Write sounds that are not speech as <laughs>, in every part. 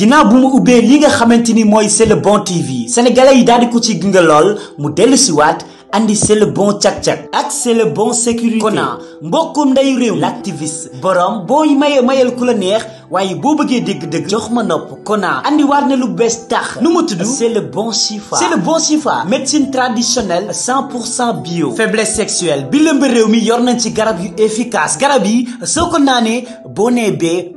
ginnaaw bu mu ubbee li nga xamante ni mooy c'est le bon TV sénégalais yi daal di ko ci gunge lool mu dellu si waat andi c'est le bon ak c'est le bon sécurité kona mbokkum ndeyu réew l'activiste borom booy mayee mayal ku la neex waaye boo bëggee dégg-dëgg jox ma nopp kona andi waar na lu bees tax nu mu c'est le bon chifa c'est le bon sifa. médecine traditionnelle 100 pour bio faiblesse sexuelle bi lëmba réew yor nañ ci garab yu efficace garab yi soo ko naanee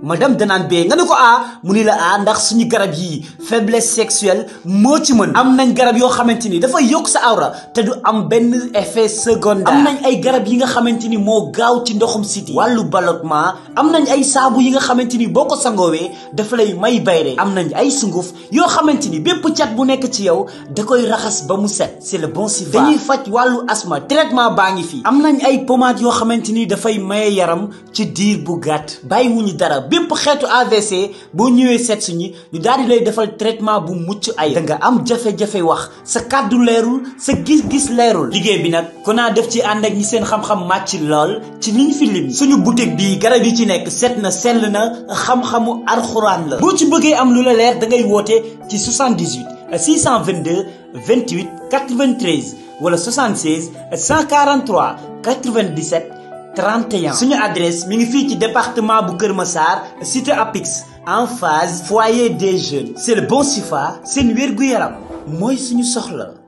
madame de bee nga ne ko a mu ni la a ndax suñu garab yi faiblesse sexuelle moo ci mën am nañ garab yoo xamante dafa yokk sa aura. te du am effet secondaire am nañ ay garab yi nga xamante ni moo gaaw ci ndoxum siti wàllu am nañ ay yi nga boo ko sangoowee dafa lay may bayre am nañ ay sunguf yoo xamante ni bépp cat bu nekk ci yow da koy raxas ba mu set c'est le bon siva wàllu asma traitement baa ngi fi am nañ ay pommade yoo xamante ni dafay maye yaram ci diir bu gàtt bàyyiwuñu dara bépp xeetu AVC boo ñëwee seet suñu ñu daal di lay defal traitement bu mucc ay da nga am jafe-jafe wax sa kàddu leerul sa gis-gis leerul liggéey bi nag kon naa def ci ànd ak ñi seen xam-xam màcc lool ci liñ fi lim suñu boutique bi garab yi ci nekk set na sell na xam-xamu veux la boo ci bëggee am lu leer 78 622 28 93 wala 76 143 97 31 suñu adresse mi ngi ci département bu Kër Massar cité en phase foyer des jeunes c'est le bon sifa seen wér gu yaram mooy suñu soxla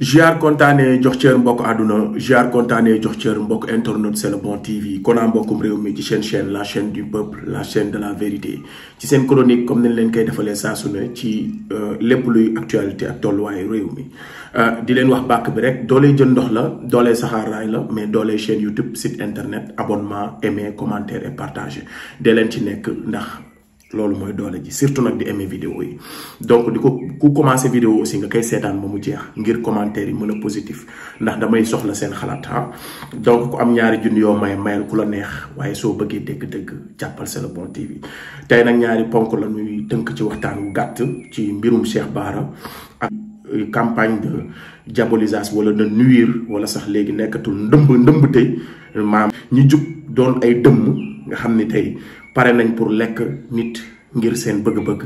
jiaar kontaane jox cër mbokk àdduna jiaar kontaane jox cër mbokk internet c'est le bon TV konaa mbokkum réew mi ci seen chaîne la chaîne du peuple la chaîne de la vérité ci sen chronique comme nañ len kay defale sa su ci euh, lepp luy actualité ak way réew mi euh, di len wax bak bi rek dolé jën ndox la dolé saxaar la mais dolé chaîne YouTube site internet abonnement aimer commentaire et partager de len ci nek ndax loolu moy doole ji surtout nak di aimer vidéo yi donc diko ko ku commencé vidéo aussi nga kay sétane ba mu jeex ngir commentaire yi mën a positif ndax damay soxla sen xalat ah donc ku am ñaari jund yo may mayal ku la neex waye so bëggee dégg-dégg jàppal C'est le bon TV tay nak ñaari ponk la ñuy teunk ci waxtaan wu gàtt ci mbirum Cheikh Bara ak euh, campagne de diabolisation wala de nuire wala sax léegi nekkatul ndëmb ndëmb tey maam ñi juk doon ay dëmm nga xamni tay paré nañ pour lekk nit ngir seen bëgg-bëgg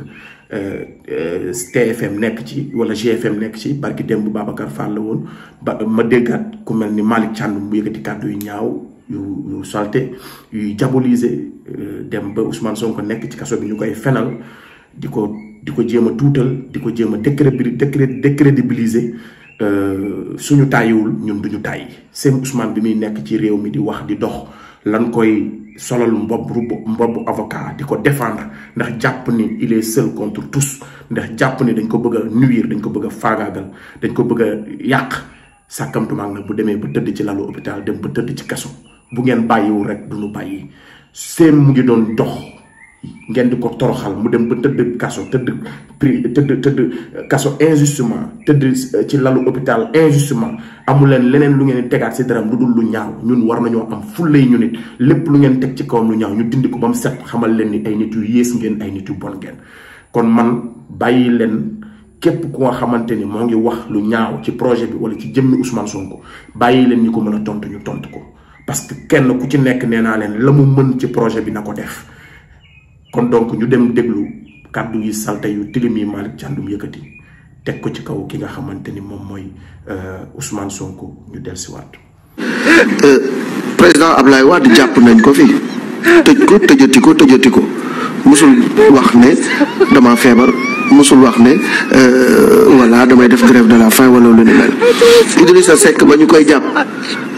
euh, euh, TFM nekk ci wala GFM nekk ci barki dem bu Babacar Fall la woon ba ma déggaat ku mel ni Malick mu yëkkati kàddu yu ñaaw yu yu salté yu diaboliser euh, dem ba Ousmane Sonko nekk ci kaso bi ñu koy fenal di ko di ko jéem a tuutal di ko jéem a décrédibiliser suñu tàyyiwul ñun duñu tàyyi seen Ousmane bi muy nekk ci réew mi di wax di dox lan koy solal mbob mbob avocat diko défendre ndax japp ni il est seul contre tous ndax japp ni dañ ko bëgg nuire dañ ko bëgg fagagal dañ ko bëgg yak sakamtuma nak bu démé bu teud ci lalu hôpital dem bu teud ci kasso bu ngeen bayiwu rek duñu bayyi sem mu ngi doon dox ngeen di ko toroxal mu dem ba tëdd kaso tëdd tëdd tëdd kaso injustement tëdd euh, ci lalu hôpital injustement Amulen lenen leneen lu ngeen tegaat ci dara lu lu ñaaw ñun war nañu am fulay ñu nit lepp lu ngeen tek ci kaw lu ñaaw ñu dindi ko bam set xamal len ni ay nit yu yées ngeen ay nit yu bon ngeen kon man bayyi len képp ku nga xamante ni moo ngi wax lu ñaaw ci projet bi wala ci jëmmi Ousmane Sonko bayyi leen ñi ko mën a tontu ñu tontu ko parce que kenn ku ci nekk nee naa leen mën ci projet bi na def kon donc ñu dem déglu kaddu yi salté yu tilimi malik jandum yëkëti tek ko ci kaw ki nga xamanteni mom moy euh Ousmane Sonko ñu ci wat euh président Ablaye wad japp nañ ko fi tej ko tejati ko tejati ko musul wax ne dama febar musul wax ne euh wala damay def grève de la faim wala lu ni mel Idrissa Seck ba ñukoy japp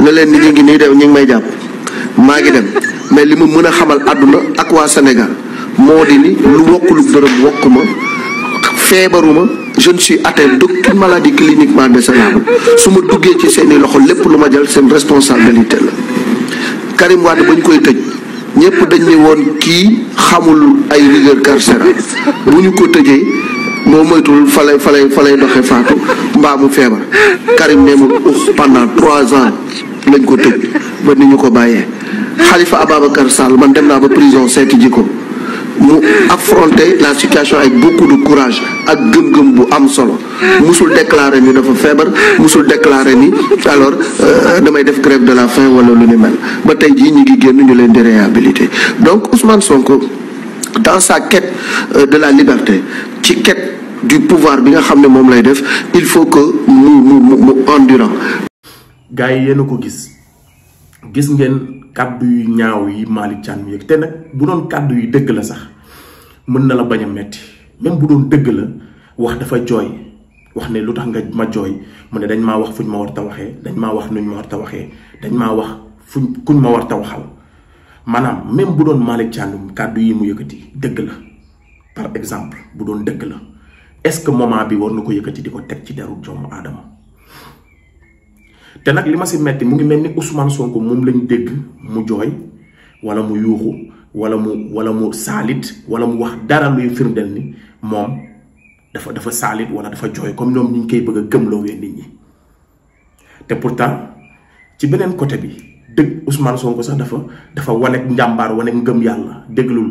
la leen ni ngi ni dem ñing may japp ma ngi dem mais limu mëna xamal aduna ak wa Sénégal modi ni lu wokkulu deureum wokkuma febaruma je ne suis atteint d'aucune maladie cliniquement décelable su ma duggee ci seeni loxo lepp luma ma jël seen responsabilité la karim wad bañ koy tej ñepp dañ ni won ki xamul ay rigueur carcéral bu ko tejé mo moytul falay falay falay doxé faatu mbaa mu feebar karim nemu mu pendant 3 ans lañ ko tej ba ni ñu ko bàyyee xalifa ababacar sall man dem na ba prison seeti ji mu affronter la situation avec beaucoup de courage ak gëm-gëm bu am solo musul déclarer ni dafa fièvre musul déclarer ni alors euh, damay def grève de la faim wala lu ni mel ba tay ji ñi ngi genn ñu leen di réhabiliter donc Ousmane Sonko dans sa quête euh, de la liberté ci quête du pouvoir bi nga xamné mom lay def il faut que mu mu mu endurant. gaay yi ko gis gis ngeen kaddu yu ñaaw yi Malick Thiam yëg té nak bu doon kaddu yi deug la sax. mën na la bañ a metti même bu doon dëgg la wax dafa jooy wax ne lu tax nga ma jooy mu ne dañ maa wax fuñ ma war ta waxee dañ maa wax nuñ ma war ta waxee dañ maa wax fuñ kuñ ma war ta waxal maanaam même bu doon Malick Thiandoum kàddu yi mu yëkkati dëgg la par exemple bu doon dëgg la est ce que moment bi war na ko yëkkati di ko teg ci deru joomu aadama te nag li ma si metti mu ngi mel ni Ousmane Sonko moom lañ dégg mu jooy wala mu yuuxu wala mu wala mu saalit wala mu wax dara luy firndeel ni moom dafa dafa saalit wala dafa jooy comme ñoom ñu ngi koy bëgg a gëmloowee nit ñi te pourtant ci beneen côté bi dëgg Ousmane Sonko sax dafa dafa waneeg njàmbaar waneeg ngëm yàlla déglul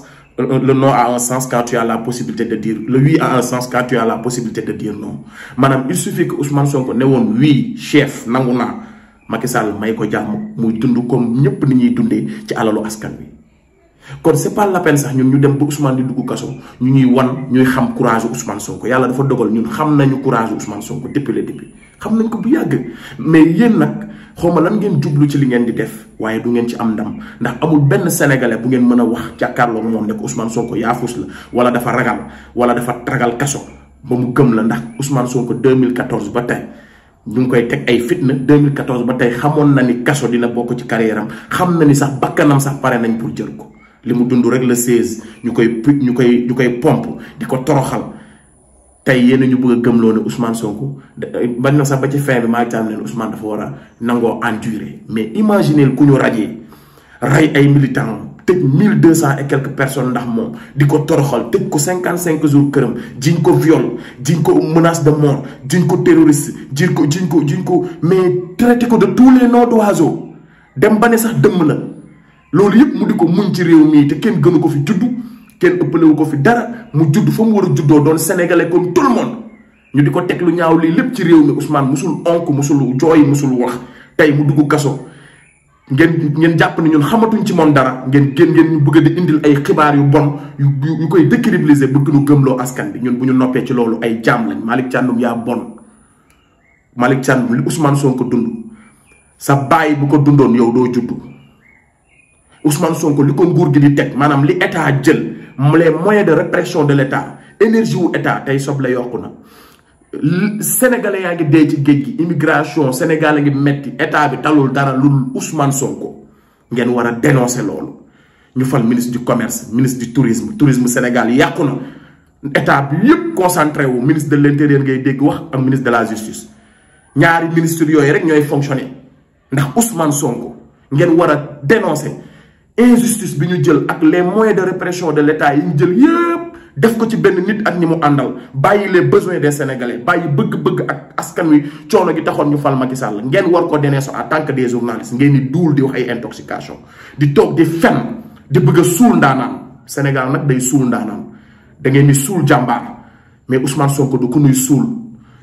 Euh, le non a un sens quand tu as la possibilité de dire le oui a un sens quand tu as la possibilité de dire non madame il suffit que Ousmane Sonko ne woon oui chef nanguna naa Macky Sall may ko jamm muy dundou comme ñepp ni ñuy dundé ci alalu askan bi kon c'est pas la peine sax ñun ñu dem bu Ousmane di dugg kasso ñu ñuy wan ñuy xam courage Ousmane Sonko yalla dafa dogal ñun xam nañu courage Ousmane Sonko depuis le début xam nañ ko bu yagg mais yeen nak xaw ma lan ngeen jublu ci li ngeen di def waaye du ngeen ci am ndam ndax amul benn sénégalais bu ngeen mën a wax jàkkaarloog moom nekk Ousmane Sonko yaafus la wala dafa ragal wala dafa ragal kaso ba mu gëm la ndax Ousmane Sonko 2014 ba tey ñu ngi koy teg ay fitna 2014 ba tey xamoon na ni kaso dina bokk ci carrière am xam na ni sax bakkanam sax pare nañ pour jël ko li mu dund rek la 16 ñu koy ñu koy ñu koy pomp di ko toroxal. tey yéen ñu bëgg a gëmloo ne Ousmane Sonko eh, bañ na sax ba ci fin bi maa ngi taal leen Ousmane dafa war a nangoo endurer mais imaginez ku ñu rajee rey ay militants tëj mille deux cent et quelques personne ndax moom di ko toroxal tëj ko cinquante cinq jours këram jiñ ko viol jiñ ko menace de mort jiñ ko terroriste jiñ ko jiñ ko jiñ ko mais traité ko de tous les noms d'oiseaux dem ba ne sax dëmm la loolu yëpp mu di ko muñ ci réew mii te kenn gënu ko fi juddu. kenn ëppalewu ko fi dara mu judd fa mu war a juddoo doon sénégalais kon tout le ñu di ko teg lu ñaaw lii lépp ci réew mi Ousmane musul onk musul jooy musul wax tey mu dugg kaso ngeen ngeen jàpp ne ñun xamatuñ ci moom dara ngeen génn ngeen ñu bëgg di indil ay xibaar yu bon yu yu koy décrédibiliser bëgg ñu gëmloo askan bi ñun bu ñu noppee ci loolu ay jaam lañ Malick Thiandoum yaa bon Malick Thiandoum li Ousmane Sonko dund sa baay bu ko dundoon yow doo judd Ousmane Sonko li ko nguur gi di teg maanaam li état jël. les moyens de répression de l'État, l'énergie énergie l'État, état sont soble yokku sénégalais qui été été l'immigration, immigration sénégal a ngi metti état bi talul dara lu Ousmane Sonko ngeen war a dénoncer Il ñu le ministre du commerce le ministre du tourisme le tourisme Sénégal a na état bi plus concentré au ministre de l'intérieur, et ngay ministre de la justice ñaari ministre yooyu rek ñooy fonctionner ndax Ousmane Sonko ngeen war a dénoncer injustice bi ñu jël ak les moyens de répression de l'état yi ñu jël yépp def ko ci benn nit ak ni mu àndal bàyyi les besoins des sénégalais bàyyi bëgg-bëgg ak askan wi coono gi taxoon ñu fal Macky Sall ngeen war ko denee so en tant que des journalistes ngeen di duul di wax ay intoxication di toog di fen di bëgg a suul Sénégal nag day suul ndaanaan da ngeen di suul jàmbaar mais Ousmane Sonko du ko nuy suul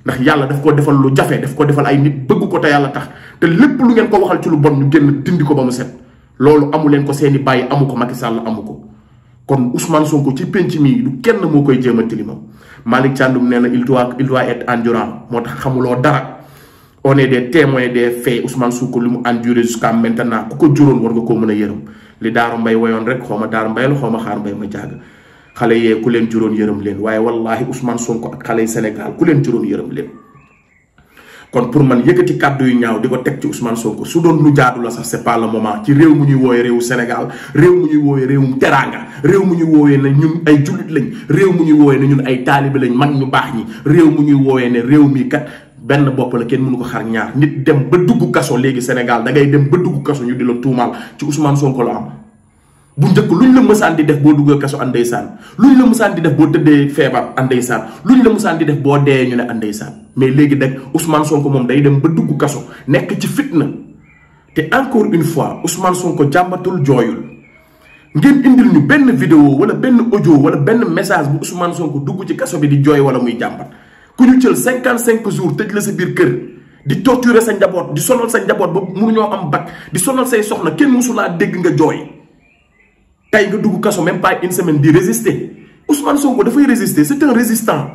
ndax yàlla daf ko defal lu jafe daf ko defal ay nit bëgg ko te yàlla tax te lépp lu ngeen ko waxal ci lu bon ñu génn dindi ko ba mu set loolu amu leen ko seeni bàyyi amu ko Macky Sall amu ko kon Ousmane Sonko ci penc mii du kenn moo koy jéem a tilimam Malick Thiandoum nee na il doit il doit être endurant moo tax xamuloo dara on est des témoins des faits Ousmane Sonko li mu enduré jusqu'à maintenant ku ko juróon war nga koo mën a yërëm li Daaru Mbay woyoon rek xaw ma Daaru Mbay la xaw ma Xaar Mbay ma jaaga xale yee ku leen juróon yërëm leen waaye wallaahi Ousmane Sonko ak xale yi Sénégal ku leen juróon yërëm leen kon pour man yëkkati kàddu yu ñaaw di ko teg ci Ousmane Sonko su doon lu jaadu la sax c'est pas le moment ci réew mu ñuy woowee réewu Sénégal réew mu ñuy woowee réewum teraanga réew mu ñuy woowee ne ñun ay jullit lañ réew mu ñuy woowee ne ñun ay taalibe lañ mag ñu baax ñi réew mu ñuy woowee ne réew mii kat benn bopp la kenn mënu ko xar ñaar nit dem ba dugg kaso léegi Sénégal da ngay dem ba dugg kaso ñu di la tuumaal ci Ousmane Sonko la am bu njëkk lu luñ la mësaan di def boo duggee kaso andeysaan luñ la mësaan di def boo tëddee feebar andeysaan luñ la mësaan di def boo dee ñu ne andeysaan mais léegi deg usman Ousmane ko moom day dem ba dugg kaso nekk ci fitna te encore une fois Ousmane ko jàmbatul jooyul ngeen indil ñu benn vidéo wala benn audio wala benn message bu Ousmane ko dugg ci kaso bi di jooy wala muy jàmbat ku ñu jël cinquante cinq jours tëj la sa biir kër di torturer sa njaboot di sonal sa njaboot ba ñoo am bac di sonal say soxna kenn mësulaa dégg nga jooy. tey nga dugg kaso même pas une semaine di résister Ousmane Sonko dafay résister c'est un résistant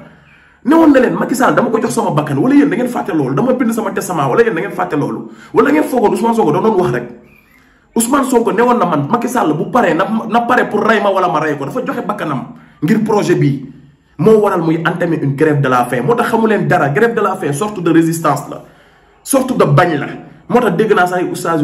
ne woon na leen Macky Sall dama ko jox sama bakkan wala yéen da ngeen fàtte loolu dama bind sama testament wala yéen da ngeen fàtte loolu wala ngeen foogoon Ousmane Sonko da doon wax rek Ousmane Sonko ne woon na man Macky Sall bu paree na na pour rey ma wala ma rey ko dafa joxe bakkanam ngir projet bi. moo waral muy entamer une grève de la faim moo tax xamu dara grève de la faim sorte de résistance là. sorte de bañ la moo tax dégg naa sax ay oustaz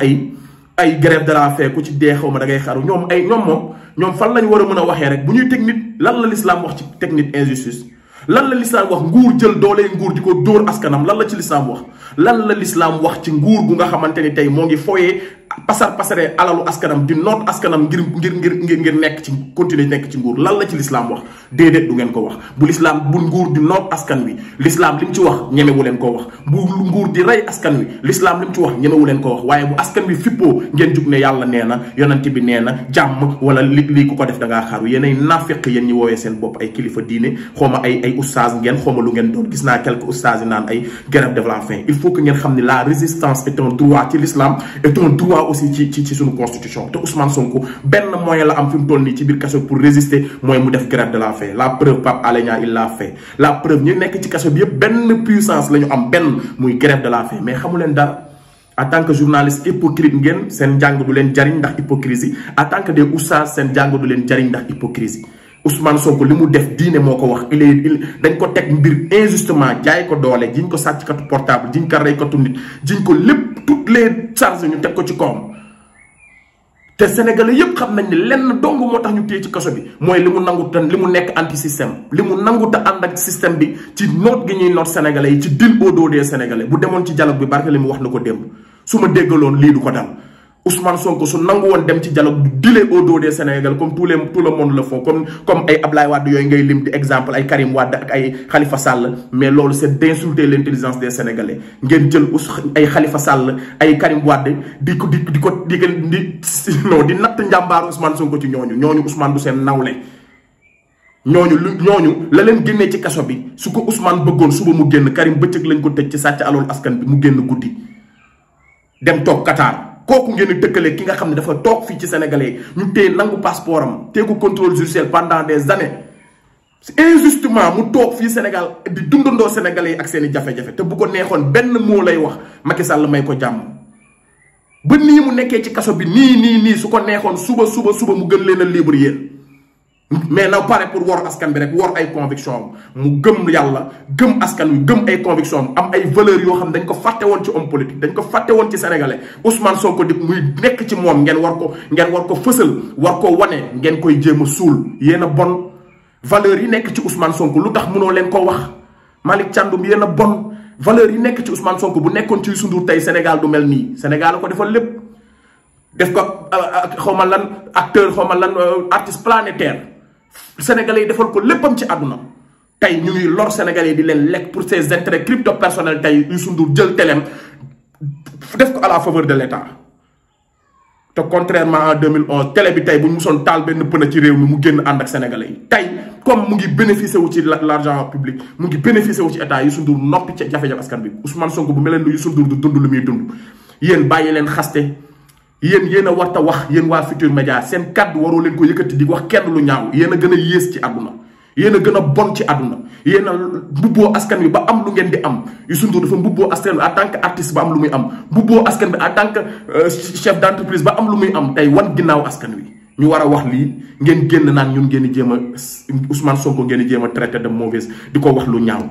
ay. ay grève de la ci dee xaw ma dangay ngay xaru ñoom ay ñoom moom ñoom fan lañ war a mën a waxee rek bu ñuy teg nit lan la lislaam wax ci teg nit injustice lan la lislaam wax nguur jël doolee nguur di ko dóor askanam lan la ci lislaam wax lan la lislaam wax ci nguur gu nga xamante ni tey moo ngi fooyee pasar pasare alalu askanam di noot askanam ngir ngir ngir ngir ngir nekk ci continuer nekk ci nguur lan la ci lislaam wax déedéet du ngeen ko wax bu lislaam bu nguur di noot askan wi lislaam li mu ci wax ñemewu leen ko wax bu nguur di rey askan wi lislaam li mu ci wax ñemewu leen ko wax waaye bu askan wi fippoo ngeen jug ne yàlla nee na yonent bi nee jàmm wala li lii ko def da ngaa xaru yéenay naafeq yéen ñi woowee seen bopp ay kilifa diine xooma ay ay oustaz ngeen xooma lu ngeen doon gis naa quelques oustaz yi naan ay grève la faim il faut que aussi ci ci ci suñu constitution te Ousmane Sonko ben moyen la am fim mu ci bir kaso pour résister moy mu def grève de la faim la preuve Pape Alé il l'a fait la preuve ñu nek ci kaso bi yëpp ben puissance lañu am ben muy grève de la faim mais xamulen leen dara en tant que journaliste hypocrite ngeen sen jang du len jariñ ndax hypocrisie en tant que des oustaz sen jang du len jariñ ndax hypocrisie Ousmane Sonko li mu def diine moo ko wax il dañ ko teg mbir injustement jaay ko doole jiñ ko sàcckatu portable jiñ ko reykatu nit jiñ ko lépp toutes les charges ñu teg ko ci kawam. te sénégale yëpp xam nañ ne lenn dong moo tax ñu téye ci kaso bi mooy li mu nangu te li mu nekk anti système li mu nangu te ànd ak système bi ci noot gi ñuy noot sénégalais yi ci dil au dos des sénégalais bu demoon ci dialogue bi barke li mu wax na ko démb su ma déggaloon lii du ko dal Ousmane Sonko su nangu woon dem ci dialogue du dile au dos des Sénégal comme tous les tout le monde le font comme comme ay Ablaye Wade yooyu ngay lim di exemple ay Karim Wade ak ay Khalifa Sall mais loolu c'est d'insulter l'intelligence des Sénégalais ngeen jël us ay Khalifa Sall ay Karim Wade di ko di di ko di di non di natt njàmbaaru Ousmane Sonko ci ñooñu ñooñu Ousmane du seen nawle ñooñu lu ñooñu la leen génnee ci kaso bi su ko Ousmane bëggoon suba mu génn Karim bëccëg lañ ko tëj ci sàcc aloolu askan bi mu génn guddi dem toog Qatar kooku ngeen a dëkkale ki nga xam ne dafa toog fii ci sénégalais ñu téye nangu passeport am téye ko contrôle judiciaire pendant des années injustement mu toog fii Sénégal di dundandoo sénégalais yi ak seen i jafe-jafe te bu ko neexoon benn moo lay wax Macky Sall may ko jàmm. ba nii mu nekkee ci kaso bi nii nii nii su ko neexoon suba suba suba mu gën leen a libre yéen mais na pas pour wor askan bi rek wor ay conviction am mu gëm yalla gëm askan mu gëm ay conviction am ay valeurs yo xam dañ ko faté won ci homme politique dañ ko faté won ci sénégalais Ousmane Sonko di muy nek ci mom ngeen war ko ngeen war ko fësal war ko wane ngeen koy jéem a suul a bon valeurs yi nek ci Ousmane Sonko lutax mëno len ko wax malik Thiandoum yéen a bon valeurs yi nek ci Ousmane Sonko bu nekkoon ci sundour tay Sénégal du mel Sénégal ko defal lepp def ko euh, xaw lan acteur xaw lan euh, artiste planétaire. sénégalais yi defal ko léppam ci àdduna tey ñu ngi lor sénégalais bi leen lekk pour ses intérêts crypto personnels tey Youssou Ndour jël teleem def ko à la faveur de l' état te contrairement en 2011 télé bi tey bu ñu musoon taal benn pëna ci réew mi mu génn ànd ak sénégalais yi tey comme mu ngi bénéficié wu ci la argent public mu ngi bénéficié wu ci état Youssou Ndour noppi ci jafe-jafe askan bi Ousmane Sonko bu mel ne Youssou Ndour du dund lu muy dund yéen bàyyi leen xaste yéen yéen a warta wax yéen waa Futur Média seen kàddu waroo leen ko yëkkati di wax kenn lu ñaaw yéen gën a yées ci àdduna yéen a gën a bon ci àdduna yéen a mbubboo askan wi ba am lu ngeen di am Youssou Ndour dafa mbubboo askan bi à tant que artiste ba am lu muy am mbubboo askan bi à tant que euh, chef d'entreprise ba am lu muy am tey wan ginnaaw askan wi ñu war a wax lii ngeen génn naan ñun ngeen di jéem a Ousmane Sonko ngeen di jéem a traité de mauvaise di ko wax lu ñaaw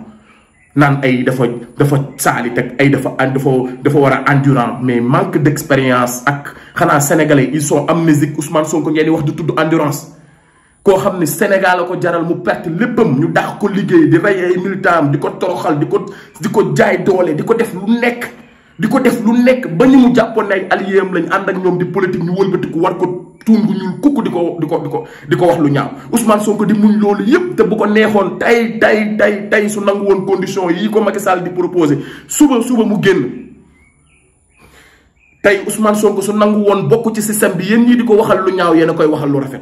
naan ay dafa dafa saalit ak ay dafa dafa dafa war a endurant mais manque d' expérience ak xanaa il sénégalais am sont amnésiques Ousmane Sonko ngeen di wax di tudd endurance. koo xam ne Sénégal ko jaral mu perte léppam ñu dàq ko liggéey di rey ay militant di ko toroxal di ko di ko jaay doole di ko def lu nekk. di ko def lu nekk ba ñu mu jàppoon ne ay allié am lañ ànd ak ñoom di politique ñu wëlbatiku war ko tuun gu ñuul kukk di ko di ko di ko di ko wax lu ñaaw Ousmane Sonko di muñ loolu yépp te bu ko neexoon tay tay tay tay su nangu woon condition yi ko mag Sall di proposé suba suba mu génn tey Ousmane Sonko su nangu woon bokk ci système bi yéen ñii di ko waxal lu ñaaw yéen a koy waxal lu rafet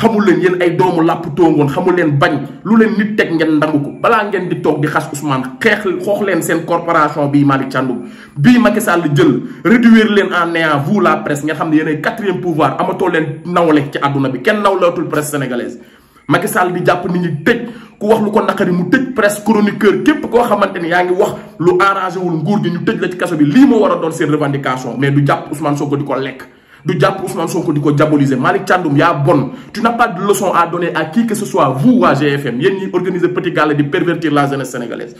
xamul leen yéen ay doomu làpp tóongoon xamul leen bañ lu leen nit teg ngeen ndangu ko balaa ngeen di toog di xas Ousmane xeex xoox leen seen corporation bii Malick Thiandoum bii Macky Sall jël réduire leen en néant vous la presse ngeen xam ne yéen ay quatrième pouvoir amatoo leen nawle ci àdduna bi kenn nawlootul presse sénégalaise Macky Sall di jàpp nit ñi tëj ku wax lu ko naqari mu tëj presse chroniqueur képp koo xamante ni yaa ngi wax lu arrangé wul nguur gi ñu tëj la ci kaso bi lii moo war a doon seen revendication mais du jàpp Ousmane Sonko di ko lekk du jàpp Ousmane Sonko diko ko diaboliser Malick Thiandoum yaa bon tu n'as pas de leçon à donner à qui que ce soit vous à GFM yéen ni organiser petit gala de pervertir la jeunesse sénégalaise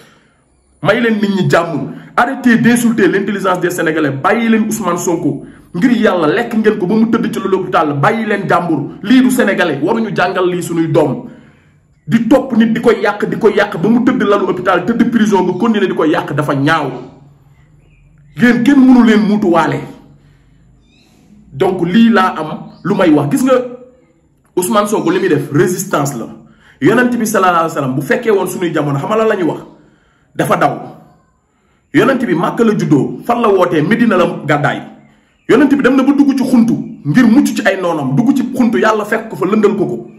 may len nit ñi jàmm arrêtez d'insulter l'intelligence des sénégalais bàyyi len Ousmane Sonko ngir yalla lek ngeen ko ba mu tëdd ci l'hôpital bàyyi len jàmbur li du sénégalais ñu jangal li suñuy dom di top nit diko yak diko yak ko yàq ba mu tëdd lalu l'hôpital tëdd prison nga continuer diko yak dafa ñaaw yéen kenn mënu mutu muutuwaale donc lii laa am lu may wax gis nga Ousmane Sonko li muy def résistance la yonent bi sallallahu alayhi wasallam bu fekkee woon suñuy jamono xam la la ñuy wax dafa daw yonent bi Màkka la juddoo fan la wootee Medina la gàddaay yonent bi dem na ba dugg ci xuntu ngir mucc ci ay noonam dugg ci xuntu yàlla fekk ko fa lëndal ko ko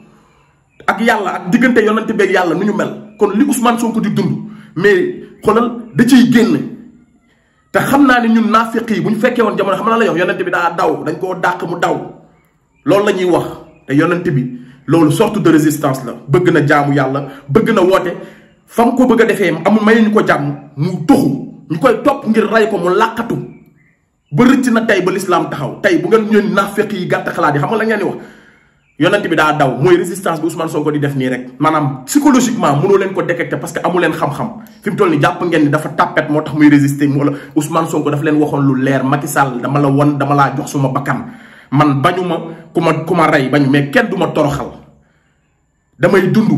ak yàlla ak diggante yonent beeg yàlla nu ñu mel kon li Ousmane ko di dund mais xoolal da ciy génn. te xam naa ne ñun naafiq yi bu ñu fekkee woon jamono xam naa la yox yonent bi daa daw dañ koo dàq mu daw loolu la ñuy wax te yonent bi loolu sorte de résistance la bëgg na jaamu yàlla bëgg na woote fa ko bëgg a defee mu amul may ñu ko jàmm mu tuxu ñu koy topp ngir rey ko mu làqatu ba rëcc na tey ba lislaam taxaw tey bu ngeen ñëw naafiq yi gàtt xalaat yi xam nga la ngeen di wax yonent bi daa daw mooy résistance bi Ousmane Sonko di def nii rek maanaam psychologiquement mënoo leen ko détecter parce que amu leen xam-xam fi mu toll nii jàpp ngeen ni dafa tàppet moo tax muy résister wala Ousmane Sonko dafa leen waxoon lu leer Macky Sall dama la won dama laa jox suma man bañu ma ku ma ku ma mais kenn du ma toroxal damay dund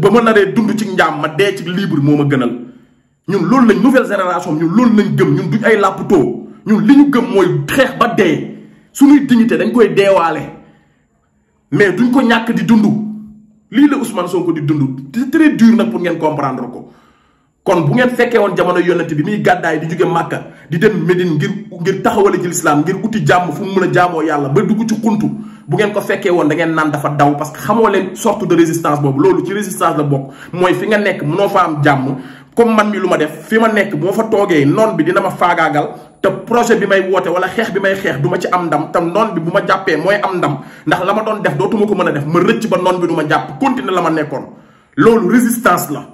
ba ma naree dund ci njaam ma dee ci libre moo ma gënal ñun loolu lañ nouvelle génération ñun loolu lañ gëm ñun duñ ay làpputoo ñun li ñu gëm mooy xeex ba dee suñuy dignité dañ koy deewaale. mais duñ ko ñàkk di dund lii la soo ko di dund c'est très dur nag pour ngeen comprendre ko kon bu ngeen fekkee woon jamono yonent bi muy gàddaay di jóge Màkka di dem Médine ngir ngir taxawale ci lislaam ngir uti jàmm fu mu mën a jaamoo yàlla ba dugg ci xuntu bu ngeen ko fekkee woon da ngeen naan dafa daw parce que xamoo leen sorte de résistance boobu loolu ci résistance la bokk mooy fi nga nekk mënoo fa am jàmm comme man mi lu ma def fi ma nekk boo fa toogee noon bi dina ma faagaagal te projet bi may woote wala xeex bi may xeex duma ci am ndam te noon bi bu ma jàppee mooy am ndam ndax la ma doon def dootuma ko mën a def ma rëcc ba noon bi du jàpp continuer la ma nekkoon loolu résistance la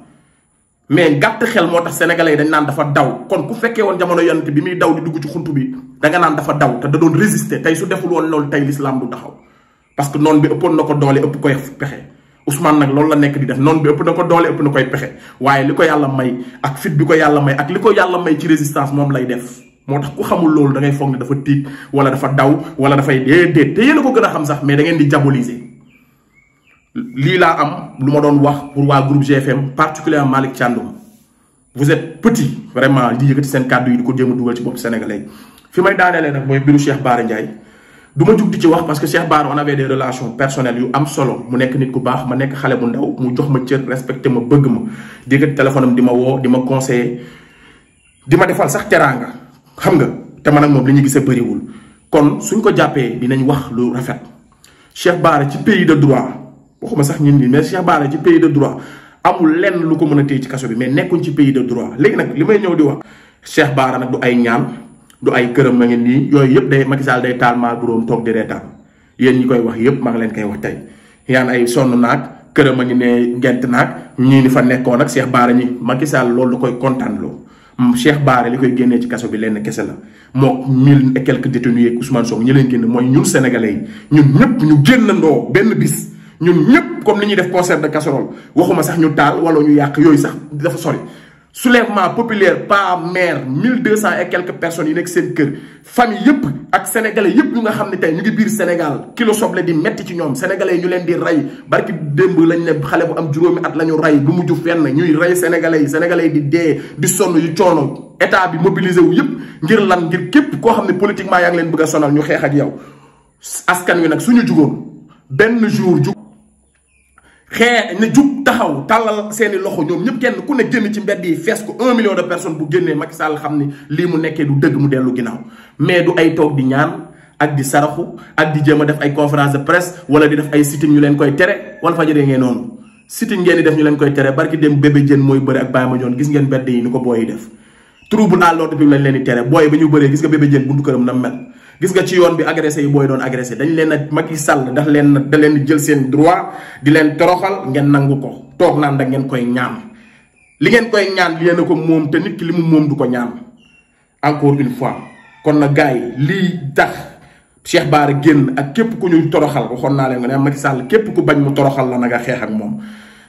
mais gàtt xel moo tax sénégalais yi dañ naan dafa daw kon ku fekkee woon jamono yonent bi muy daw di dugg ci xunt bi da nga naan dafa daw te da doon résister tey su deful woon loolu tey l'islam bu taxaw parce que noon bi ëppoon na ko doole ëpp koy pexe Ousmane nag loolu la nekk di def noonu bi ëpp na ko doole ëpp na koy pexe waaye li ko yàlla may ak fit bi ko yàlla may ak li ko yàlla may ci résistance moom lay def moo tax ku xamul loolu da ngay foog ne dafa tiit wala dafa daw wala dafay déedéet te yéen ko gën a xam sax mais da ngeen di diaboliser. lii laa am lu ma doon wax pour waa groupe GFM particulièrement Malick Thiandoum vous êtes petit vraiment di yëkkati seen kàddu yi di ko jéem a dugal ci bopp sénégalais fi may daanelee nag mooy mbiru Cheikh Bara Ndiaye. duma ma di ci wax parce que Cheikh Bara on avait des relations personnelles yu am solo mu nek nit ku bax ma nek xalé bu ndaw mu jox ma cër respecté ma bëgg ma dégg téléphone dima wo ma woo di ma conseiller di ma sax teranga xam nga té man ak mom li ñu gisee wul kon suñ ko jappé dinañ wax lu rafet Cheikh Bara ci pays de droit waxuma sax ñin ni mais Cheikh Bara ci pays de droit amul lenn lu ko mëna a ci kasso bi mais nekkuñ ci pays de droit légui nak limay ñëw di wax Cheikh Bara nak du ay ñaan. du ay këram ma ngi nii yooyu yëpp day Macky Sall day taal maa guróom toog di reetaan yéen ñi koy wax yëpp maa ngi leen koy wax tey yaan ay sonn naag këram a ngi ne gent naag ñii ni fa nekkoon ak Cheikh Bara ñi Macky Sall loolu da koy kontaan loo Cheikh Bara li koy génnee ci kaso bi lenn kese la moo mille et quelques détenus yeeg Ousmane Sonko ñi leen génn mooy ñun sénégalais yi ñun ñëpp ñu génnandoo benn bis ñun ñëpp comme li ñuy def concert de casserole waxuma sax ñu taal wala ñu yàq yooyu sax dafa sori soulèvement populaire par mère 1200 et quelques personnes yu nekk seen kër famille yëpp ak sénégalais yëpp ñu nga xam ne ñu ngi bir Sénégal kilo soble di metti ci ñom sénégalais ñu leen di ray barki demb lañ ne xalé bu am juroomi at lañu ray bu mujj fenn ñuy ray sénégalais sénégalais di dé di sonn yu choono état bi mobilisé wu yëpp ngir lan ngir képp ko xamné politiquement ya ngi leen bëgg sonal ñu xeex ak yow askan wi nak suñu jugoon ben jour xee na jub taxaw tàllal seeni loxo ñoom ñëpp kenn ku ne génn ci mbedd yi fees ko un million de personnes bu génnee Macky Sall xam ni lii mu nekkee du dëgg mu dellu ginnaaw mais du ay toog di ñaan ak di saraxu ak di jéem a def ay conférence de presse wala di def ay sitting ñu leen koy tere wala fajëree ngeen noonu sitting ngeen di def ñu leen koy tere barki dem bébé jën mooy bëri ak bàyyi ma ñoon gis ngeen mbedd yi ni ko booyi def trouble à l'ordre public leen di tere booy ba ñu bëree gis nga bébé jën buntu këram mel gis nga ci yoon bi agressé yi boy doon agressé dañ leen nak Macky Sall ndax leen da leen jël seen droit di leen toroxal ngeen nangou ko tok naan da ngeen koy ñaan li ngeen koy ñaan li leen ko mom te nit ki limu mom du ko ñaan encore une fois kon na gaay li tax Cheikh Bar génn ak kep ku ñuy toroxal waxoon na leen nga ne ah Macky Sall kep ku bañ mu toroxal la nga ak mom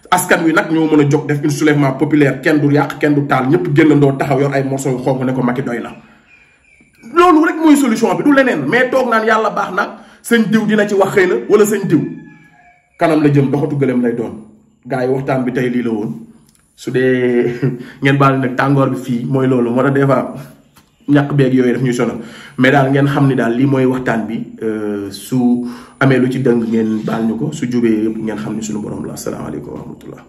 askan wi nak ñoo mëna jox def une soulèvement populaire kenn du yaq kenn du taal ñëpp génnandoo taxaw yor ay morceaux yu ne ko Macky doy lolou rek moy solution bi du leneen mais tok nan yalla bax nak seigne diw dina ci wax xeyna wala seigne diw kanam la jëm doxatu gelem lay doon gaay waxtan bi tay li la won su de <laughs> ngeen bal nak tangor bi fi moy lolou mo da defa ñak beek yoy def ñuy sonal mais dal ngeen xamni dal li moy waxtan bi euh su amé lu ci deng ngeen bal ñuko su jubé ngeen xamni suñu borom la alaykum wa rahmatullah